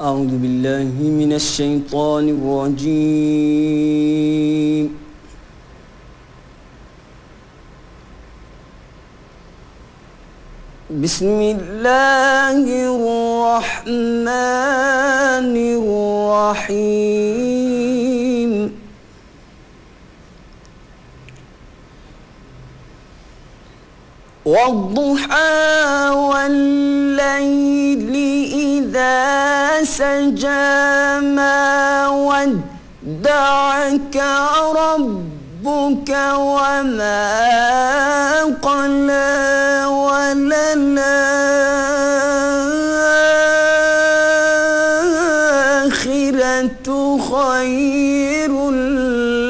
أعوذ بالله من الشيطان الرجيم بسم الله الرحمن الرحيم والضحى والليل إذا سجى ما ودعك ربك وما قلى وللآخرة خير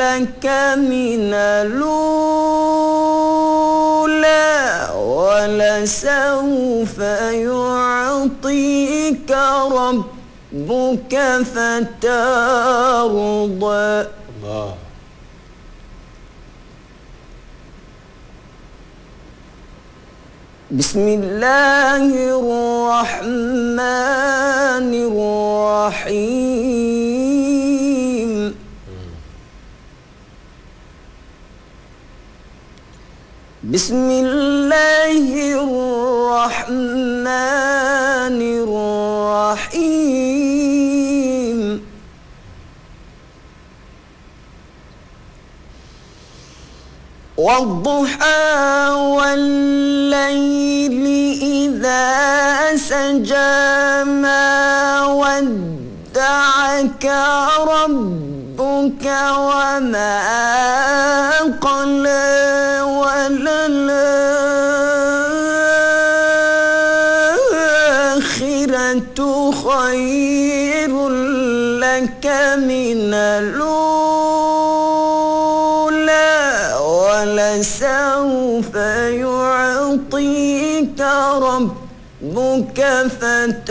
لك من الأولى ولسوف يعطيك ربك ربك فترضى الله بسم الله الرحمن الرحيم بسم الله الرحمن والضحى والليل إذا سجى ما ودعك ربك وما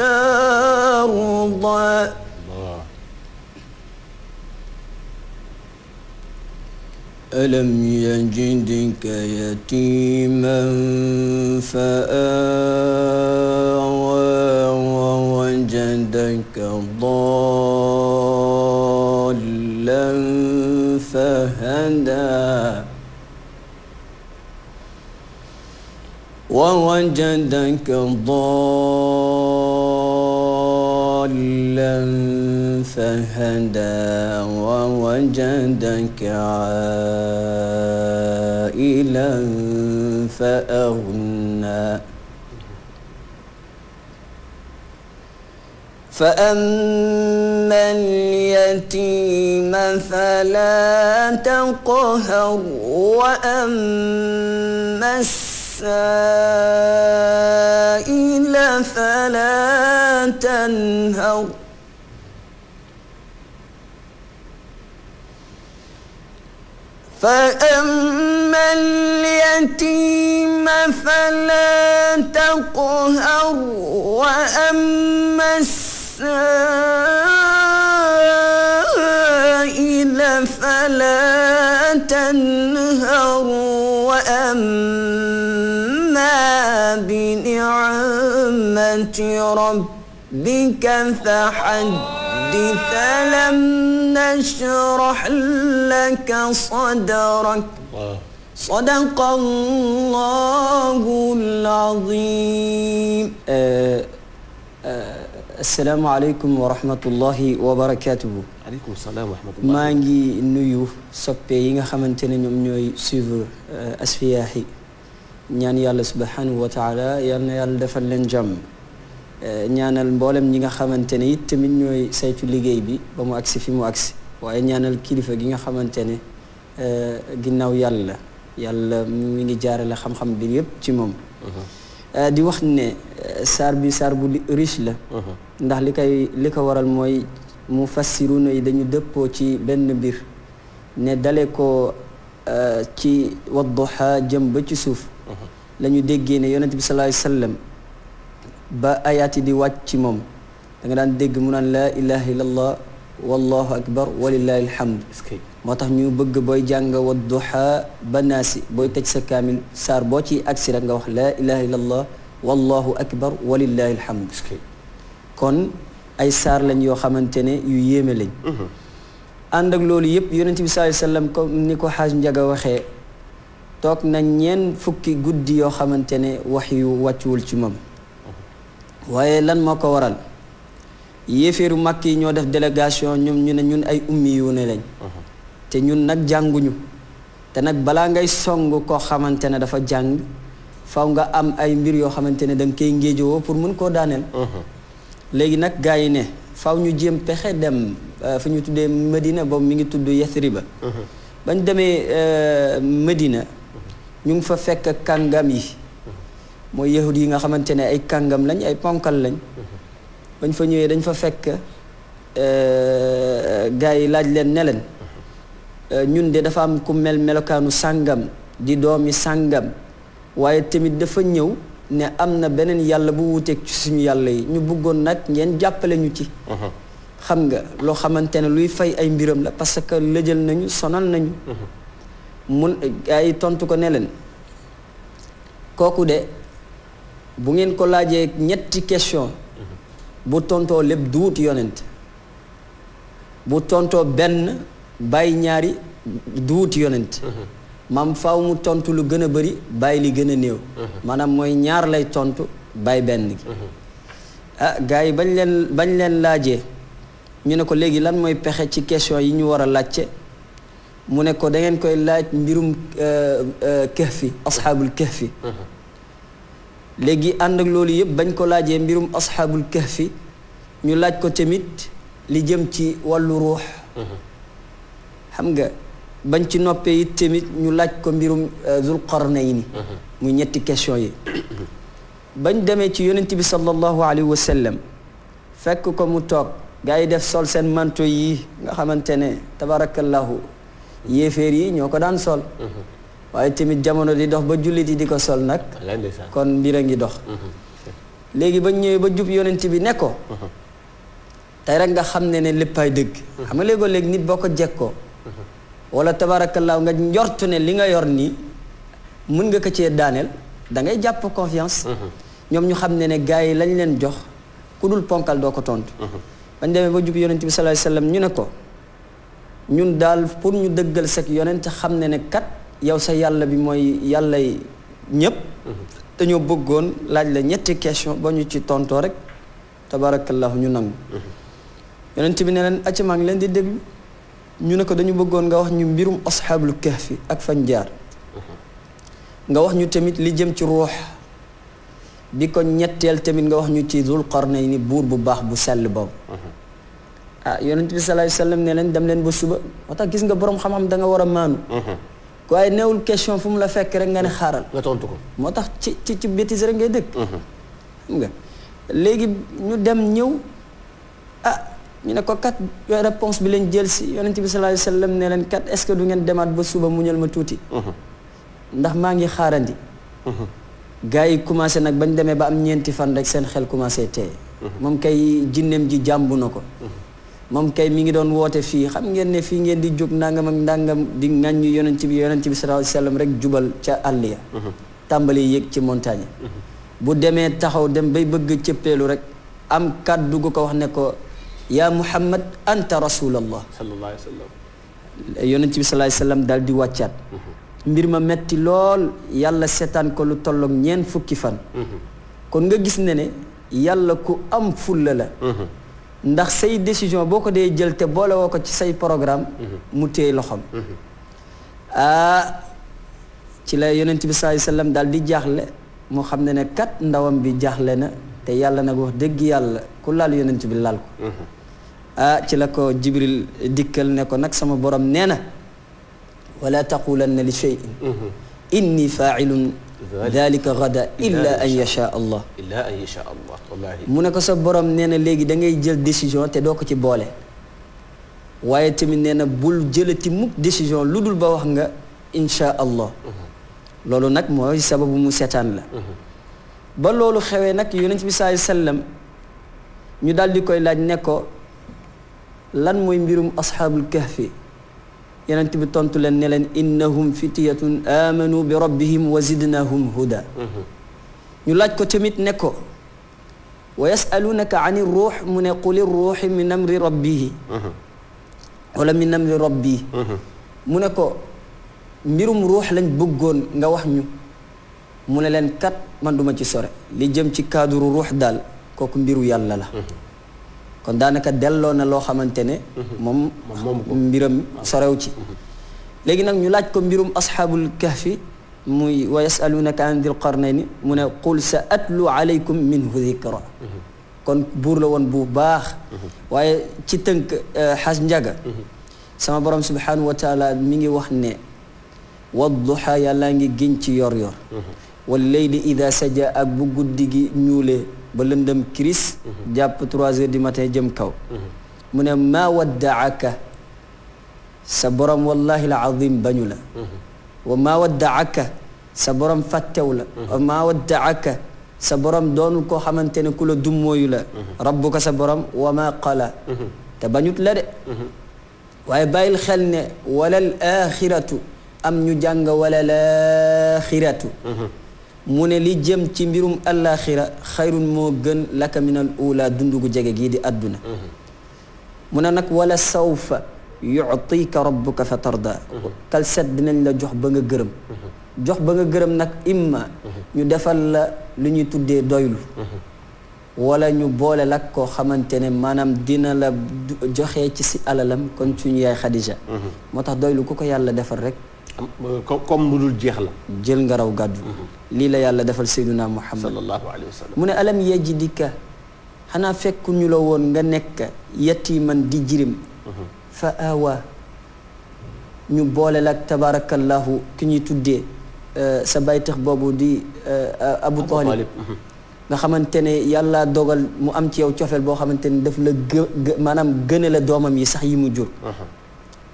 الأرض ألم يجدك يتيما فآل وجدك ضالا فهدى ووجدك عائلا فأغنى فأما اليتيم فلا تقهر وأما السائل فلا تنهر فأما اليتيم فلا تقهر وأما السائل فلا تنهر وأما بنعمة ربك فحدث لم نشرح لك صدرك صدق الله العظيم أه أه السلام عليكم ورحمة الله وبركاته عليكم السلام ورحمة الله maa ngi nuyu soppe yi nga xamante سيفو ñoom Asfiyahi ñaan yàlla subhanahu wa taala yal na yàlla defal leen jàmm ñaanal mboolem ñi nga xamante ne it tamit ñooy saytu liggéey bi ba mu agsi fi mu agsi waaye ñaanal kilifa gi nga xamante ne ginnaaw yàlla yàlla mu ngi jaarale xam-xam bi yépp ci moom di wax ne saar bi saar bu riche la ndax li koy li ko waral mooy mu fassiruna yi dañu dëppoo ci benn mbir ne dale ko ci wadduha jëm ba ci suuf lañu déggé ne yonnati bi sallallahu alayhi wasallam ba ayati di wàcc ci moom da nga daan dégg mu naan la ilaha illallah wallahu akbar walillahi alhamd motax ñu bëgg boy jàng wa duha ba naasi booy tëj sa kamil sar bo ci aksi rek nga wax la ilaha illallah wallahu akbar walillahi alhamd kon ay sar lañ yo xamantene yu yéme lañ ànd ak loolu yëpp yonnati bi salaay sallam comme ni ko haaj njaga waxee toog nañ ñeen fukki guddi yoo xamante ne wax yu wàccuwul ci moom waaye lan moo ko waral yéeféeru màkk yi ñoo def délégation ñoom ñu ne ñun ay ummi yu lañ te ñun nag jànguñu te nag balaa ngay song koo xamante ne dafa jàng faw nga am ay mbir yoo xamante ne da nga koy ngéejowoo pour mën koo daaneel léegi nag gars yi faw ñu jéem pexe dem euh, fi ñu tuddee Medina boobu mi ngi tudd Yathriba bañ demee euh, Medina ñu ngi fa fekk kàngam yi mooy yahud yi nga xamante ne ay kàngam lañ ay ponkal lañ bañ fa ñëwee dañ fa fekk euh, gars yi laaj leen ne leen euh, ñun de dafa am ku mel melokaanu sàngam di doomi sàngam waaye tamit dafa ñëw ne am na beneen yàlla bu wuuteeg ci suñu yàlla yi ñu bëggoon nag ngeen jàppale ñu ci uh-huh. xam nga loo xamante ne luy fay ay mbiram la parce que lëjal nañu sonal nañu uh-huh. mun ay tontu ko ne leen kooku de bu ngeen ko laajee ñetti question bu tontoo lépp duut yonent bu tontoo benn bàyyi ñaari duut yonent maam faaw mu tontu lu gën a bëri bàyyi li gën a néew maanaam mooy ñaar lay tontu bàyyi benn gi ah gars yi bañ leen bañ leen laajee ñu ne ko léegi lan mooy pexe ci question yi ñu war a laajte mu ne ko da ngeen koy laaj mbirum kahfi asxaabul kahfi léegi ànd ak loolu yëpp bañ ko laajee mbirum asxaabul kahfi ñu laaj ko tamit li jëm ci wàllu ruux xam nga bañ ci noppee it tamit ñu laaj ko mbirum zul qarnayni muy ñetti question yi bañ demee ci yonent bi sallallahu alayhi wa sallam fekk ko mu toog gars yi def sol seen manto yi nga xamante ne tabarakallahu yéeféer yi ñoo ko daan sol mhm. waaye tamit jamono di dox ba jullit yi di ko sol nag kon mbir a ngi dox mhm. léegi ba ñëwee ba jub yonent bi ne ko mhm. tey rek nga xam ne ne léppaay dëgg xam nga léegoo léegi nit boo ko jekkoo wala tabaarakallaahu nga njortu ne li nga yor nii mën nga ko cee daaneel da ngay jàpp confiance ñoom ñu xam ne ne gars yi lañ leen jox ku dul ponkal doo ko tontu bañ demee ba jub yonent bi sallallahu alayhi wasallam ñu ne ko ñun daal pour ñu dëggal sag yonent xam ne ne kat yow sa yàlla bi mooy yàllay ñëpp dañoo mm-hmm. bëggoon laaj la ñetti question ba ñu ci tontoo rek tabarakallahu ñu nam mm-hmm. yonent bi ne leen acca leen di déglu ñu ne ko dañu bëggoon nga wax ñu mbirum asxaabul kahfi ak fañ jaar mm-hmm. nga wax ñu tamit li jëm ci ruux bi ko ñetteel tamit nga wax ñu ci yi ni buur bu baax bu sell boobu ah yonent ya, bi sallallahu alayhi wasallam sallam ne leen dem leen ba suba moo gis nga borom xam-xam da nga war a maanu waaye mhm. neewul question fu la fekk rek nga ne xaaral nga tontu ko moo ci ci ci bêtise rek ngay dëkk mhm. nga léegi ñu dem ñëw ah ñu ne ko kat réponse bi leen jël yonent bi sallallahu alayhi wasallam ne kat est-ce que du ngeen demaat ba suba mu ñël ma tuuti mhm. ndax maa ngi xaarandi gars yi commencé nag bañ demee ba am fan rek seen xel commencé kay ji moom kay mu ngi doon woote fii xam ngeen ne fii ngeen di jóg ndàngam ak ndàngam di ŋàññu yonent bi yonent bi sallallahu alayhi wasallam rek jubal ca àll ya mhm. tàmbali yéeg ci montagne mhm. bu demee taxaw dem bay bëgg cëppeelu rek am kàddu gu ko wax ne ko yaa muhammad anta rasulallah sallallahu alayhi wasallam yonent bi sallallahu alayhi wasallam daal di wàccaat mhm. mbir ma metti lool yàlla seetaan ko lu tolloog ñeent fukki fan kon nga gis ne ne yàlla ku am fulla la ndax say décision boo ko dee jël te boole woo ko ci say programme mhm. mu téye loxoom mhm. ah ci la yonent bi sallallahu alayhi wasallam daal di jaaxle moo xam ne ne kat ndawam bi jaaxle na te yàlla nag wax dëgg yàlla ku laal yonent bi laal ko mhm. ah ci la ko jibril dikkal ne ko nag sama borom nee na wala taqulanna li shay'in inni fa'ilun ذلك غدا الا ان يشاء الله الا ان يشاء الله والله منك صبرم نينا لغي دا ngay جيل ديسيجن تي دوكو تي بوله وايي تيم نينا بول جيلتي موك ديسيجن لودول با واخغا ان شاء الله لولو نك موي سبب مو سيتان لا با لولو خوي نك يونس بي صلى الله عليه وسلم ني دال ديكوي لاج نيكو لان موي ميروم اصحاب الكهف ينا انت بتنت لن انهم فتيه امنوا بربهم وزدناهم هدى ني لاج كو تيميت نيكو ويسالونك عن الروح من يقول الروح من امر ربه ولا من امر ربي منكو ميروم روح لن بوغون nga wax ñu mune len kat man duma ci sore li jëm ci cadre roh dal koku mbiru yalla kon daanaka delo na lo xamantene mom moom mbiram sorew ci legi nak ñu laaj ko mbirum ashabul kahfi muy wa yasalunaka an dil qarnaini mun qul sa atlu alaykum minhu dhikra kon buur la woon bu bax waye ci teunk has njaga sama borom subhanahu wa taala mi ngi wax ne wadduha ya la ngi giñ ci yor yor والليل إذا سجى أبوجدي نيوله بلندم كريس جاب تروازي دي ماتي جمكو من ما ودعك سبرم والله العظيم بنيولا وما ودعك سبرم فتولا وما ودعك سبرم دونكو حمانتين كل دمويلا ربك سبرم وما قال تبنيت لا وأبي الخلن ولا الآخرة أم نجانا ولا الآخرة mu ne li jëm ci mbirum allaaxira xayrun moo gën laka minal uulaa dund gu jege gii di àdduna mu ne nag wala sawfa yutika rabbuka fa tarda kal set dinañ la jox ba nga gërëm jox ba nga gërëm nag imma ñu defal la lu ñuy tuddee doylu wala ñu boole lak koo xamante ne maanaam dina la joxe ci si alalam kon suñu yaay Xadija moo tax doylu ku ko yàlla defal rek comme mu dul jeex la jël nga raw gàddu lii la yàlla defal sayduna muhammad sallallahu alayhi wa sallam mu ne alam yajidika xanaa fekku ñu la woon nga nekk yatiman di jirim fa awa ñu boole la ak tabarakallahu ki ñuy tuddee sa baytax boobu di abu talib nga xamante ne yàlla dogal mu am ci yow cofeel boo xamante ne daf la gë maanaam gëne la doomam yi sax yi mu jur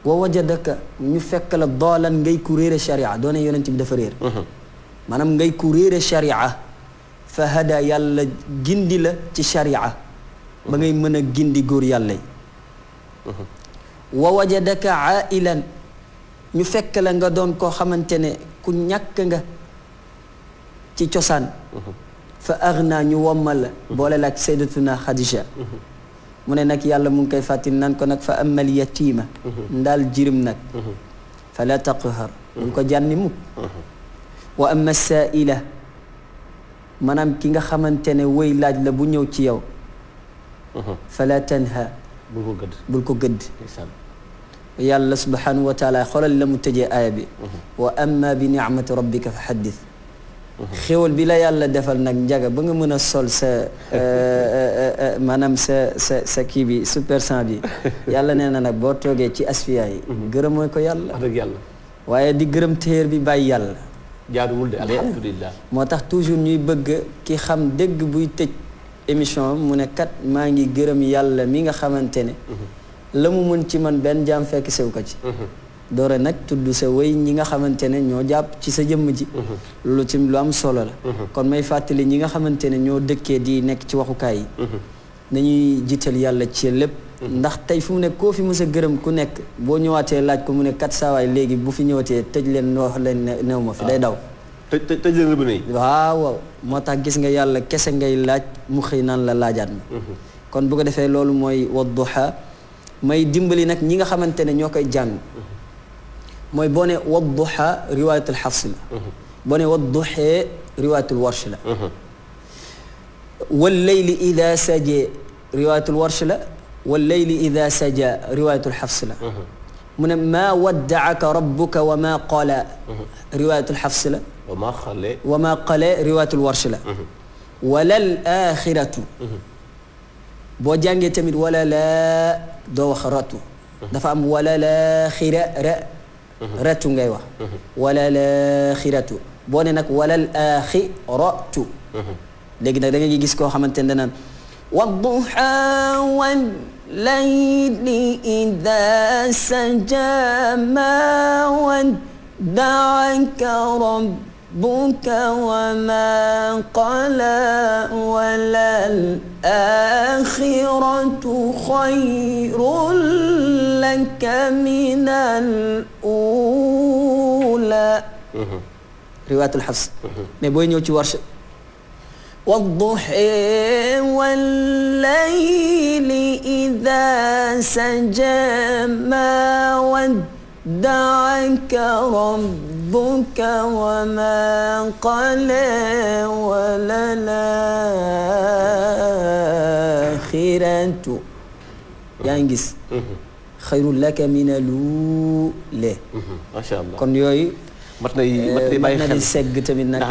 ووجدك نفك الضالا غي كورير الشريعه دوني يونتي بدا فرير مانام غي كورير الشريعه فهدا يالا جندي لا تي ما غي مانا جندي غور يالا ووجدك عائلا نفك لا دون كو خامتيني كو نياك غا فاغنى نيومال بولا لك سيدتنا خديجه mune nak yàlla mu ngi koy fàttali nan ko nak fa amal yatima ndal jirim nag fala taqhar mu ko jànni mukk wa amma sa'ila manam ki nga xamantene way laaj la bu ñëw ci yow fala tanha bul ko gëdd bul ko gëdd yàlla subhanahu wa taala xolal la mu tejé aaya bi wa amma bi ni'mati rabbika fa xaddis xéwal bi la yàlla defal nag njaga ba nga mën a sol sa euh, euh, euh, maanaam sa sa sa kii bi super sang bi yàlla nee na nag boo toogee ci asfiya yi mhm. gërëm mooy ko yàlla waaye di gërëm téer bi bàyyi yàlla jaaduwul de alhamdulilah moo tax toujours ñuy bëgg ki xam dëgg buy tëj émission mu ne kat maa ngi gërëm yàlla mi nga xamante ne mhm. la mu mën ci man benn jaam fekk sew ko ci mhm. doore nag tudd sa wéy ñi nga xamante ne ñoo jàpp ci sa jëmm ji mhm. lu ci lu am solo la mhm. kon may fàttali ñi nga xamante ne ñoo dëkkee di nekk ci waxukaay yi mhm. nañuy jiital yàlla ci lépp ndax tey fu mu ne koo fi mës a gërëm ku nekk boo ñëwaatee laaj ko mu ne kat saawaay léegi bu fi ñëwatee tëj leen wax leen new ma fi day ah. daw tëj tëj leen rëbb yi waaw moo tax gis nga yàlla kese ngay laaj mu xëy naan la laajaat ma kon bu ko defee loolu mooy Wadduha may dimbali nag ñi nga xamante ne ñoo koy jàng mooy boo ne wadduha riwaayatul xafs la boo ne wadduxee riwaayatul warsh la wallayli ida saje riwaayatul warsh la wallayli ida saja riwaayatul xafs la mu ne maa waddaaka rabbuka wa maa qala riwaayatul xafs la وما خلي وما قلي رواية الورشلة ولا الآخرة بو جانجي تمد ولا لا دو خراتو دفع ولا لا خير ratu ngay wax wala laaxiratu boo ne nag wala laaxiratu léegi nag da nga gis koo xamante ne naan wadduha wal layli ida saja ma wadda'aka rabb ربك وما قلى وللآخرة خير لك من الأولى رواية الحفص mais booy ñëw والضحى والليل إذا سجى ما ودعك ربك بك وما قل ولا خير أنت يانجس خير لك من الأولى ما شاء الله كن يوي متني متني باي خير